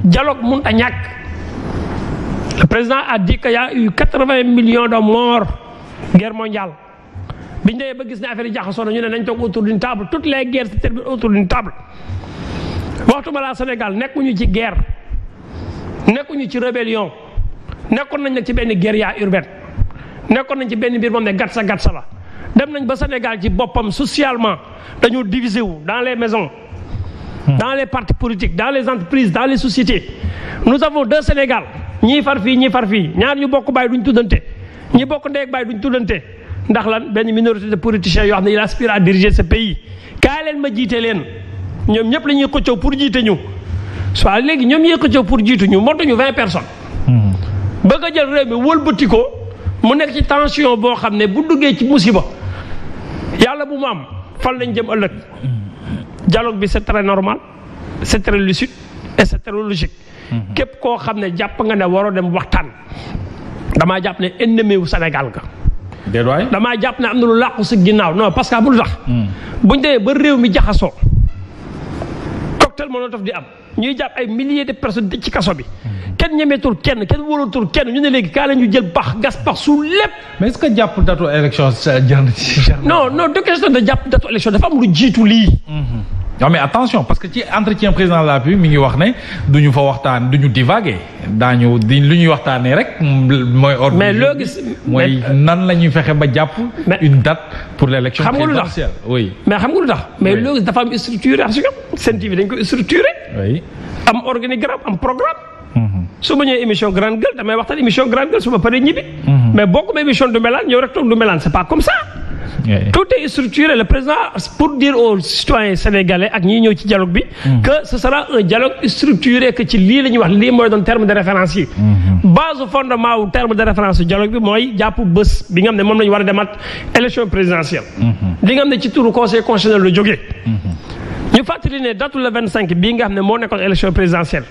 dialogue mun a ñàkk le président a dit que y a eu quatre-vingts millions de morts guerre mondiale biñ demee ba gis ne affaire yi jaxasoo na ñu ne nañ toog autour d'une table toutes les guerres se terminent autour d'une table waxtuma laa Sénégal nekkuñu ci guerre nekkuñu ci rébellion nekkoon nañ nag ci benn guérilla urbaine nekkoon nañ ci benn mbir moom ne gatsa gatsa la dem nañ ba Sénégal ci boppam socialement dañoo diviser wu dans les maisons Hmm. dans les partis politiques dans les entreprises dans les sociétés nous avons deux Sénégal ñii far fii ñii far fii ñaar ñu bokk bàyyi duñ tuddante ñi bokk ndey ak bàyyi duñ tuddante ndax lan benn minorité de politiciens yoo xam ne il aspire à diriger ce pays leen ma jiite leen ñoom ñëpp lañuy ko xëccoo pour jiite ñu soit léegi ñoom ñuy xëccoo pour jiitu ñu motuñu vingt personnes. Hmm. bëgg a jël réew mi wëlbati ko mu nekk ci tension boo xam ne bu duggee ci musiba yàlla bu mu am fan lañ jëm ëllëg. Hmm. dialogue bi c'est très normal c'est très lucide et c'est très logique. Mhm. képp koo xam ne jàpp nga ne waroo dem waxtaan. damaa jàpp ne ennemi wu Sénégal nga. déedéet damaa jàpp ne am na lu làqu si ginnaaw non parce que amul tax. Mhm. buñ demee ba réew mi jaxasoo. cocktail Molotov di am ñuy jàpp ay milliers de personnes ci kaso bi. Mhm. kenn ñemeetul kenn kenn wóolatul kenn ñu ne léegi kaa la ñu jël baax gas baax suul lépp. mais est-ce que jàpp datu élection euh, jar am lu jiitu lii. non mais attention parce que ci entretien président de la République mi ngi wax ne du ñu fa waxtaan du ñu divaguer daañu di lu ñuy waxtaanee rek mooy. ordre mais loo gis mooy nan la ñuy fexe ba jàpp. une date pour l' élection présidentielle oui. mais xam nga lu tax mais loo gis dafa am structuration Sen TV dañ ko structuré. oui am organigramme am programme. Mhm. su ma ñëwee émission grande gueule damay waxtaan émission grande gueule su ma paree ñibbi. Mhm. mais bokk ma émission du melaan ñëw rek toog du melaan c' pas comme ça. tout est structuré le président pour dire aux citoyens sénégalais ak ñi ñëw ci dialogue bi. Mm. que ce sera un dialogue structuré que ci lii la ñuy wax lii mooy doon terme de référence yi. Mm-hmm. base fondement wu terme de référence yu dialogue bi mooy jàpp bés bi nga xam ne moom la war a demaat élection présidentielle. Mm-hmm. li nga xam ci turu conseil constitutionnel la jógee. Mm-hmm. ñu fàttali ne date le 25 bii nga xam ne moo nekkoon élection présidentielle.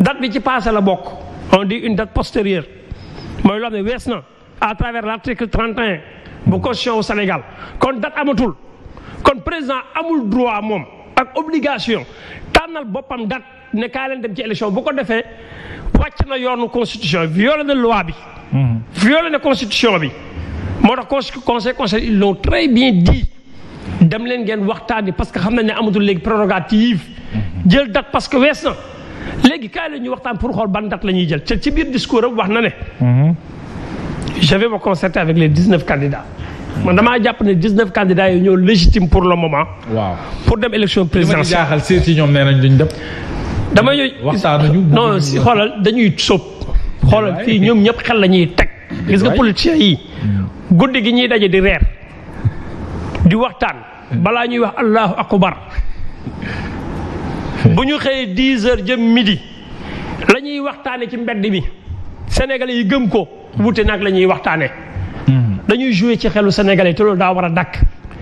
date bi ci pa la bokk on dit une date postérieure mooy loo xam ne wees na à travers l' article bu constitution wu Sénégal kon date amatul kon président amul droit moom ak obligation tànnal boppam date ne kaa leen dem ci élection bu ko defee wàcc na yoonu constitution violé na loi bi. Mhm. violé na constitution bi moo tax conseil conseil ils l'ont très bien dit dem leen ngeen waxtaani parce que xam nañ ne amatul léegi prérogative mhm. jël date parce que wees na léegi kaay la waxtaan pour xool ban date la ñuy jël te ci biir discours am wax na ne. Mhm. je vais me avec les 19 candidats. man damaa jàpp ne 19 candidats yi ñoo légitime pour le moment. waaw pour dem élection présidentielle li ma jaaxal si ñoom nee dem. dama ñuy waxtaanuñu non xoolal dañuy sóob. xoolal fii ñoom ñëpp xel la ñuy teg. gis nga politiciens yi. Hmm. guddi gi ñuy daje di reer. di waxtaan. Hmm. balaa ñuy wax allahu akbar. Hmm. bu ñu xëyee 10 heures jëm midi. la ñuy waxtaanee ci mbedd mi. sénégal yi gëm ko. wuute nag la ñuy waxtaanee. Hmm. dañuy jouer ci xelu sénégalais te loolu daa war a dakk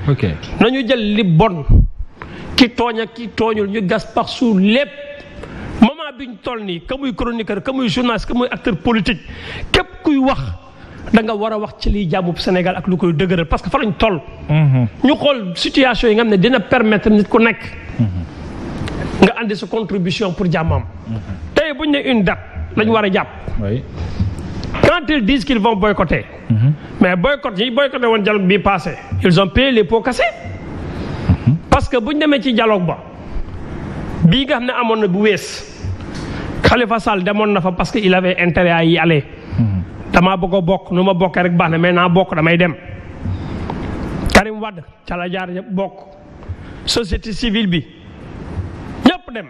ok nañu jël li bon ki tooñ ak ki tooñul ñu gas par suuf lépp moment biñ toll nii ka muy chroniqueur ka muy journaliste ka muy acteur politique képp kuy wax danga war a wax ci liy jàmmub Sénégal ak lu koy dëgëral parce que fa lañ toll. Hmm. ñu xool situation yi nga xam ne dina permettre nit ku nekk. Hmm. nga andi sa contribution pour jàmmam. tey buñ ne une date lañ war a jàpp. quand ils disent qu'ils vont mais boycott yi boycotté woon dialogue bi passé ils ont les pots cassés que bu ñu demee ci dialogue ba bii nga xam ne amoon na bu wees Khalifa Sall demoon na fa parce que il avait intérêt à y aller damaa bëgg a bokk nu ma bokkee rek baax na mais naa bokk damay dem Karim Wade ca la jaar ñëpp bokk société civile bi ñëpp dem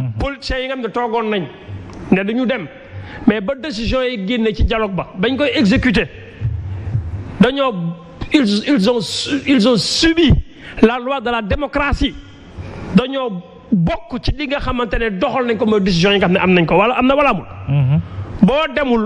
mhm. politiciens yi nga toogoon nañ ne duñu dem mais ba décision yi génne ci jaloog ba bañ koy exécuter dañoo ils ils ont ils ont subi la loi de la démocratie dañoo bokk ci li nga xamante ne doxal nañ ko mooy décision yi nga xam ne am nañ ko wala am na wala amul. Mhm. boo demul.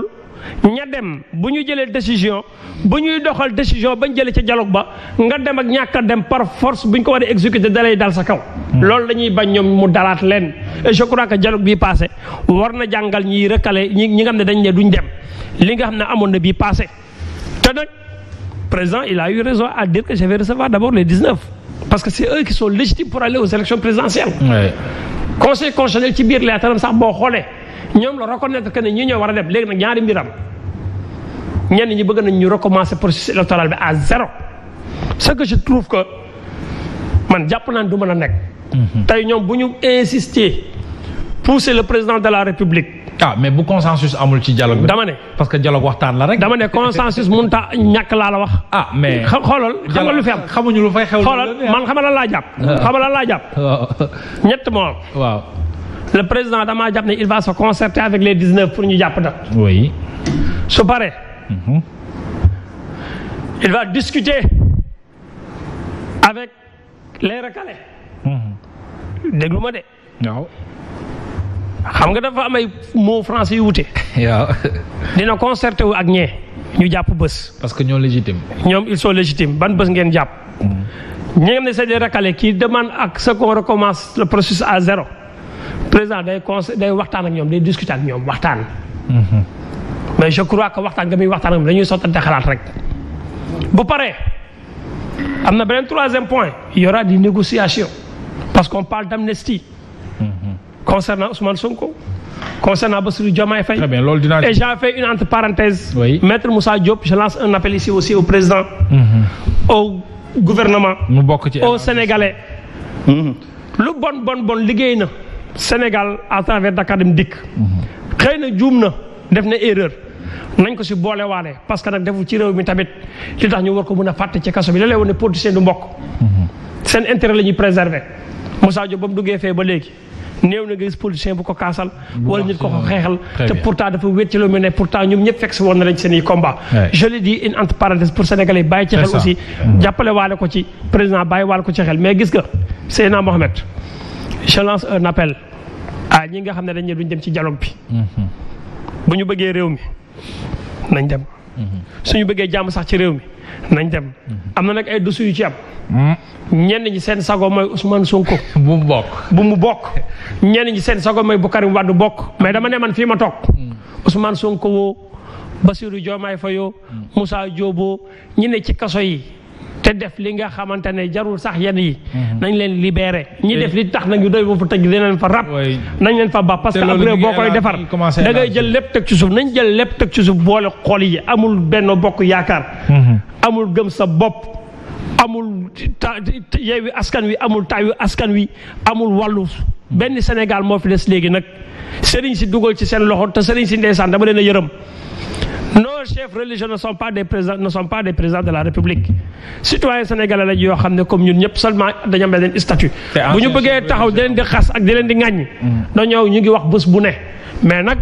ña dem bu ñu jëlee décision bu ñuy doxal décision bañ jëlee ca dialogue ba nga dem ak ñàkk dem par force bu ñu ko war a exécuter dalay dal sa kaw. loolu la ñuy bañ ñoom mu dalaat leen et je crois que dialogue bii passé war na jàngal ñiy recalé ñi ñi nga xam ne dañ ne duñ dem li nga xam ne amoon na bii passé te nag président il a eu raison à dire que je vais recevoir d' abord les 19 parce que c' est eux qui sont légitimes pour aller aux élections présidentielles. conseil ci biir leetaram sax boo xoolee. ñoom la reconnaître que ne ñi ñoo war a dem léegi nag ñaari mbiram ñenn ñi bëgg nañ ñu recommencer processus électoral bi à zéro ce que je trouve que man jàpp naan du mën a nekk. Mhm. tey ñoom bu ñu insister pousser le président de la république. ah mais bu consensus amul ci dialogue dama ne parce que dialogue waxtaan la rek. dama ne consensus mënut a ñàkk laa wax. ah mais xoolal xam lu fi am. xamuñu lu fay xew xoolal man xamal la laa jàpp. xamal la laa jàpp. ñett moo waaw. le président damaa jàpp ne il va se concerter avec les 19 pour ñu jàpp date. oui. su paree. Mhm. il va discuter avec les recalés. Mhm. déglu ma de. xam nga dafa am ay mots français yu wute. dina concerté wu ak ñee ñu jàpp bés. parce que ñoo légitime. ñoom ils sont légitimes ban bës ngeen jàpp. Mhm. ñi nga ne c'est des recalés qui demandent ak ce qu'on recommence le processus à zéro. président day conseil day waxtaan ak ñoom day discuter ak ñoom waxtaan. Mhm. mais je crois que waxtaan nga muy waxtaan ak ñoom dañuy sottante xalaat rek. bu paree am na beneen troisième point il y aura des négociations parce qu'on parle d'amnistie. Mhm. concernant Ousmane Sonko. concernant Bassirou Diomaye Faye. très bien loolu dinaa et j'en fais une entre parenthèses. oui maître Moussa Diop je lance un appel ici au président. Mhm. au gouvernement. mu bokk ci au sénégalais. lu bon bon bon liggéey na. Sénégal à travers Dakar Dem Dikk xëy na juum na def na erreur nañ ko si boole waale parce que nag deful ci réew mi tamit li tax ñu war ko mën a fàtte ci kaso bi léeg-léeg woon ne politicien du mbokk seen intérêt la ñuy préserver Moussa Diop ba mu duggee fee ba léegi néew na nga gis politicien bu ko kaasal wala nit ko ko xeexal te pourtant dafa wéet ci lu mu ne pourtant ñoom ñëpp fekk si woon na lañ seen i combat je le dis une entre parenthèse pour sénégalais bàyyi ci xel aussi jàppale waale ko ci président bàyyi waale ko ci xel mais gis nga Seyna Mohamed je lance un ñi nga xam ne dañ duñ dem ci dialogue bi. Mm-hmm. bu ñu bëggee réew mi nañ dem. Mm-hmm. suñu bëggee jàmm sax ci réew mi nañ dem. Mm-hmm. am na nag ay dusu yu ci am. Mm. ñenn ñi seen sago mooy Ousmane Sonko. bu mu bokk bu ñenn ñi seen sago mooy bu Karim Wade bokk. mais dama ne man fii ma toog. Mm. Ousmane Sonko woo Basirou Diomaye Faye yoo mm. Moussa Diop ñi ne ci kaso yi. te def li nga xamante ne jarul sax yenn yi. Mhm. nañ leen libéré. ñi eh. def li tax nag ñu doy ba fa tëj dinañ fa rab. nañ leen fa baax parce que après boo koy defar da ngay jël lépp teg ci suuf jël lépp teg ci suuf boole xol yi amul benn bokk yaakaar. Mhm. amul gëm sa bopp. amul ta yeewi askan wi amul taayu askan wi amul wallu mhm. benn Sénégal moo fi léegi nag sëriñ si dugal ci seen loxo te sëriñ si ndeysaan dama leen a yërëm. nos chefs religieux ne sont pas des présidents ne sont pas des présidents de la république citoyens sénégalais lañ yoo xam ne comme ñun ñëpp seulement dañu am benn statut bu ñu bëggee taxaw di leen di xas ak di leen di ŋàññ mm. dañoo ñu ngi wax bés bu ne mais nag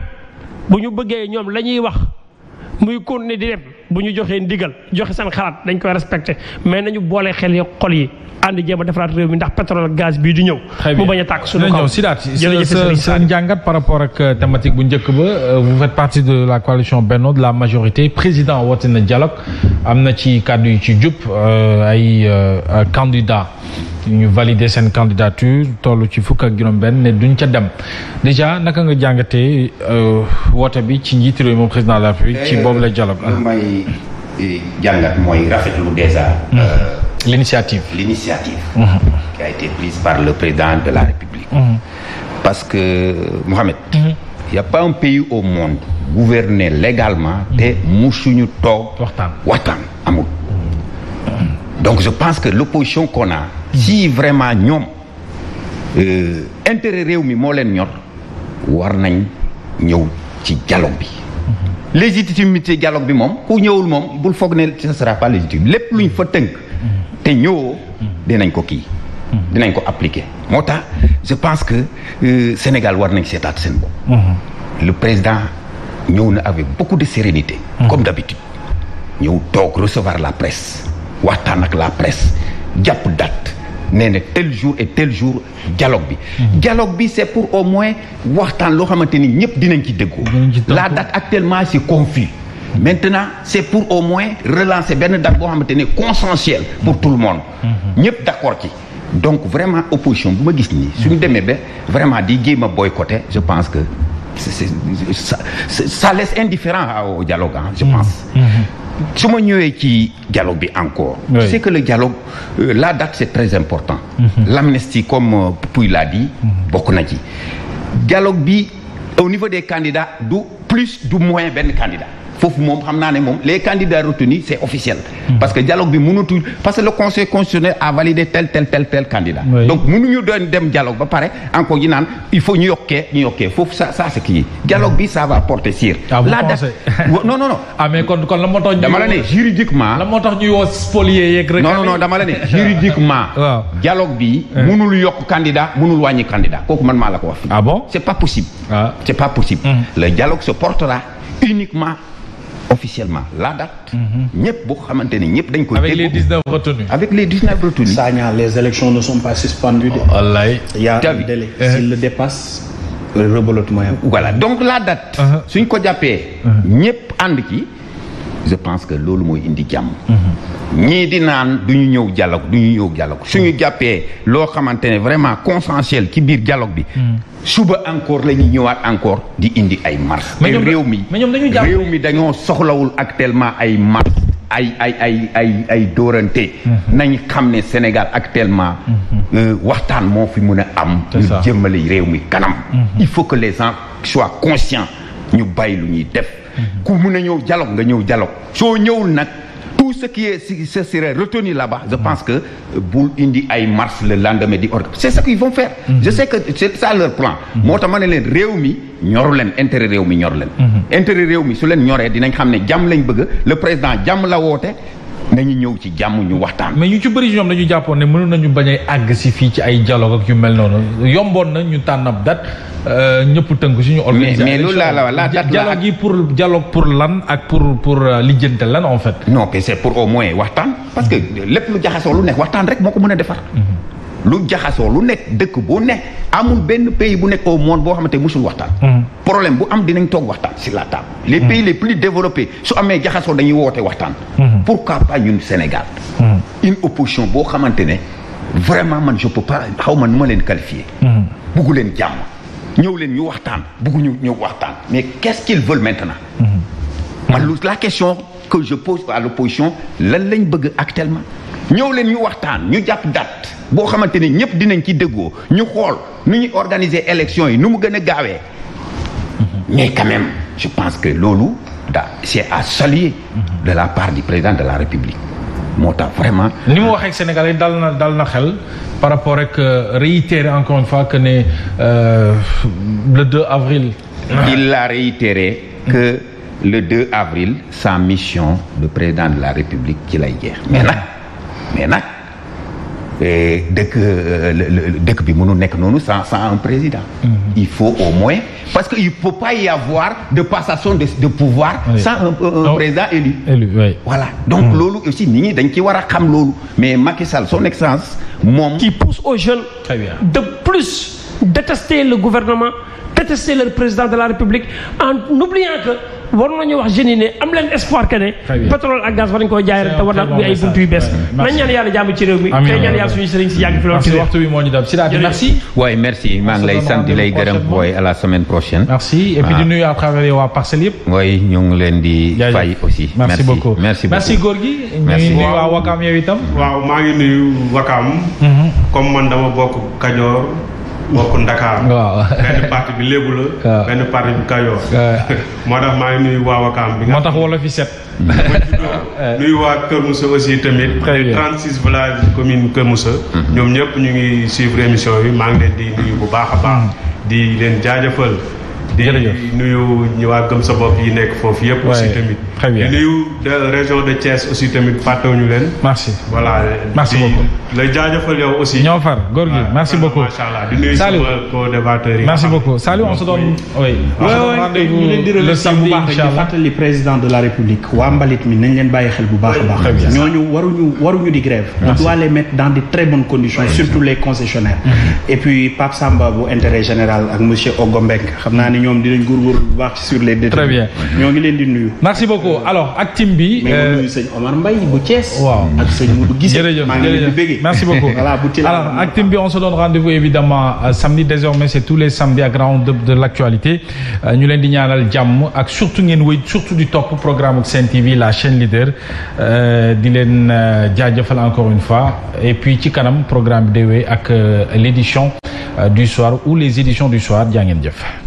bu ñu bëggee ñoom la ñuy wax muy continuer di dem bu ñu joxee ndigal joxe seen xalaat dañ koy respecté mais nañu boole xel yo xol yi ànd jéem a defaraat réew mi ndax pétrole gaz bi di ñëw. mu bañ a tàkk suñu kaw jërëjëf sa njàngat par rapport ak euh, thématique bu njëkk ba euh, vous faites partie de la coalition Benno de la majorité président woote na dialogue am na ci kàddu yu ci jub euh, ay candidat ñu valider seen candidature toll ci fukk ak juróom-benn ne duñ ca dem déjà naka nga jàngatee euh, woote bi ci njiitu réew de la République ci eh, boobu la dialogue. lu may eh, jàngat mooy rafetlu déjà. Mm-hmm. Euh, l'initiative l'initiative. Mm-hmm. qui a été prise par le président de la République. Mm-hmm. parce que Mohamed. il y a pas un pays au monde gouverné légalement te musuñu toog. waxtaan a amul. donc je pense que l'opposition qu'on a si vraiment ñoom euh, intérêt réew mi moo leen ñor war nañ ñëw ci dialogue bi légitimité dialogue bi moom ku ñëwul moom bul foog ne ce sera pas légitime lépp luñ fa tënk te ñëwoo dinañ ko kii dinañ ko appliquer moo tax je pense que euh, Sénégal war nañ seetaat seen bopp le président ñëw na avec beaucoup de sérénité mm -hmm. comme d'habitude ñëw toog recevoir la presse waxtaan ak la presse jàpp date nee na tel jour et tel jour dialogue bi. Mhm. dialogue bi c' est pour au moins waxtaan loo xamante ni ñëpp dinañ ci déggoo. la date actuellement c' est confus. maintenant c' pour au moins relancer benn date boo xamante ni consensuel pour tout le monde. Mhm. ñëpp d' ci. donc vraiment opposition bu ma gis nii. suñu mhm. demee ba vraiment di jéem a boycotter je pense que c' est ça indifférent au dialogue ah je pense. su ma ñëwee ci dialogue bi encore oui. c'est que le dialogue euh, la date c'est très important mm comme euh, l'a dit mhm. bokk na ci dialogue bi au niveau des candidats du plus du moins benn candidat foofu moom xam naa ne moom les candidats retenus c'est officiel. Hmm. parce que dialogue bi mënatul parce que le conseil constitutionnel a validé tel tel tel tel donc mënuñu doon dem dialogue ba pare encore ñu naan il faut ñu yokkee ñu yokkee foofu ça ça c'est kii dialogue bi ça va porter sur. Ah, la ah, kon kon la moo dama la ne juridiquement. moo tax ñu woo spolier yeeg rek. non non dama la ne juridiquement. waaw dialogue bi. Eh. mënul yokk candidat mënul wàññi candidat kooku man maa la ko wax. ah bon c'est pas possible. Ah. c'est pas possible. Hmm. le dialogue se portera uniquement. officiellement la date. ñëpp boo xamante ni ñëpp dañ koy. avec les 19 retenus. avec les 19 retenus. Sagna les élections ne sont pas suspendues. wallaay oh, y a un uh-huh. le dépasse. rebelote mooy voilà donc la date. Uh-huh. suñ ko jàppee. Uh-huh. ñëpp and ki je pense que loolu mooy indi jàmm. Mm-hmm. ñii di naan du ñu ñëw dialogue du ñu ñëw dialogue mm-hmm. suñu jàppee loo xamante ne vraiment consensuel ci biir dialogue bi. Mm-hmm. suba encore la ñuy ñëwaat encore di indi ay marche. mais réew mi réew mi dañoo soxlawul actuellement ay marche ay ay ay ay ay dóorante. nañ xam ne Sénégal actuellement. Euh, waxtaan moo fi mën a am. ñu jëmmale réew mi kanam. il faut que les gens soient conscients ñu bàyyi lu def. Mhm. ku mun a ñëw dialogue nga ñëw dialogue soo ñëwul nag tout ce qui est ce serait retenu là-bas je pense que euh, bul indi ay marche le lendemain di orga c'est ce qu'ils vont faire mhm. je sais que c'est ça leur plan mhm. moo tax ma ne leen réew mi ñoru leen intérêt réew mi ñor leen intérêt réew mi su leen ñoree dinañ xam ne jàmm lañ bëgg le président jàmm la woote nañu ñëw ci jàmm ñu waxtaan. mais ñu ci bëri ñoom dañu jàppoon ne mënoon nañu bañ a àgg si fii ci ay dialogue ak yu mel noonu yomboon na ñu tànn ab date euh, ñëpp tënk si ñu. organisation mais mais loolu laa la wax la date dialogue yi pour dialogue pour lan ak pour pour euh, lijjante lan en fait. non que c'est pour au moins waxtaan. parce que lépp lu jaxasoo lu nekk waxtaan rek moo ko mën a defar. Mm-hmm. lu jaxasoo lu nekk dëkk bu ne amul benn pays bu nekk au monde boo xamante musul waxtaan hmm. problème bu am dinañ toog waxtaan si la table les hmm. pays les plus développés su amee jaxasoo dañuy woote waxtaan hmm. pourquoi pas ñun Sénégal une opposition boo xamante ne vraiment man je peux pas xaw ma nu ma leen qualifier buggu leen jàmm ñëw leen ñu waxtaan buggu ñu ñëw waxtaan mais qu'est-ce qu'ils veulent maintenant man la question que je pose à l'opposition lan lañ ñëw leen ñu waxtaan ñu jàpp date boo xamante ne ñëpp dinañ ci déggoo ñu xool nu ñu organiser élection yi nu mu gën a gaawee mais quand je pense que loolu da c'est à saluer de la part du président de la République moo tax vraiment. ni mu waxee ak Sénégalais dal na dal na xel par rapport ak euh, réitérer encore une fois que ne euh, le 2 avril. il a réitéré que le 2 avril sa mission de président de la République ci lay jeex mais nag eh, dëkk euh, dëkk bi mënu nekk noonu sans sans un président. Mhm. il faut au moins parce que il peut pas y avoir de passation de de pouvoir. sans un président élu. voilà donc mhm. loolu aussi nit ñi dañ ci war a xam loolu mais Macky Sall son excellence moom. qui pousse aux jeunes. de plus détester le gouvernement détester le président de la République en oubliant que. war nañu wax jeunes yi ne am leen espoir que ne pétrole ak gaz war nañu koo jaay rek te war naa ubbi ay buntu yu bees nañ ñaan yàlla jàmm ci réew mi tey ñaan yàlla suñu sëriñ si yàgg fi loolu waxtu bi moo ñu dab si daal merci waay merci maa ngi lay sant di lay gërëm booy à la semaine prochaine merci et puis di nuyu à travers waa parcelles yëpp waay ñu ngi leen di fay aussi merci beaucoup merci merci góor gi ñu nuyu waa Wakaam yow itam waaw maa ngi nuyu Wakaam mhm. comme man dama bokk Kajoor bokk Ndakaar. waaw benn parti bi lébu la. waaw benn parti bi Kajoor. moo tax maa ngi nuyu waa Wakaam bi. moo tax wala fi set. nuyu waa Kër Moussa aussi tamit. très bien 36 commune Kër Moussa. Mhm. ñoom ñëpp ñu ngi suivre émission bi maa ngi di nuyu bu baax a baax. Mhm. di leen jaajëfal. di nuyu ñu waa gëm sa bopp yi nekk foofu yëpp. aussi tamit très bien nuyu de région de Thiès aussi tamit fàttewuñu leen. merci voilà merci beaucoup. lay jaajëfal yow aussi. ñoo far góor gi merci beaucoup. macha allah di nuyu sama co-débatteur yi. la république. waa mbalit mi nañ leen bàyyi xel bu baax a baax. ñooñu waruñu waruñu di grève. on doit les mettre dans de très bonnes conditions surtout les mm-hmm. Samba bu intérêt général ak monsieur Ogombeng xam naa ne ñoom dinañ góorgóorlu bu baax sur les détails. très bien ñoo ngi leen di nuyu. merci beaucoup alors ak team bi. mais ñu euh, nuyu sëñ Omar Mbaye bu Thiès. waaw ak sëñ bu Gisee. Merci. Merci beaucoup. voilà, Alors, Actim bi on se donne rendez-vous évidemment euh, samedi désormais c'est tous les samedis à grand de de l'actualité euh, ñu leen di ñaanal jàmm ak surtout ngeen wéy surtout di topp programme Sen TV la chaîne leader euh, di leen jaajëfal encore une fois et puis ci kanam programme bi day wéy ak l'édition du soir ou les éditions du soir jaa ngeen jëf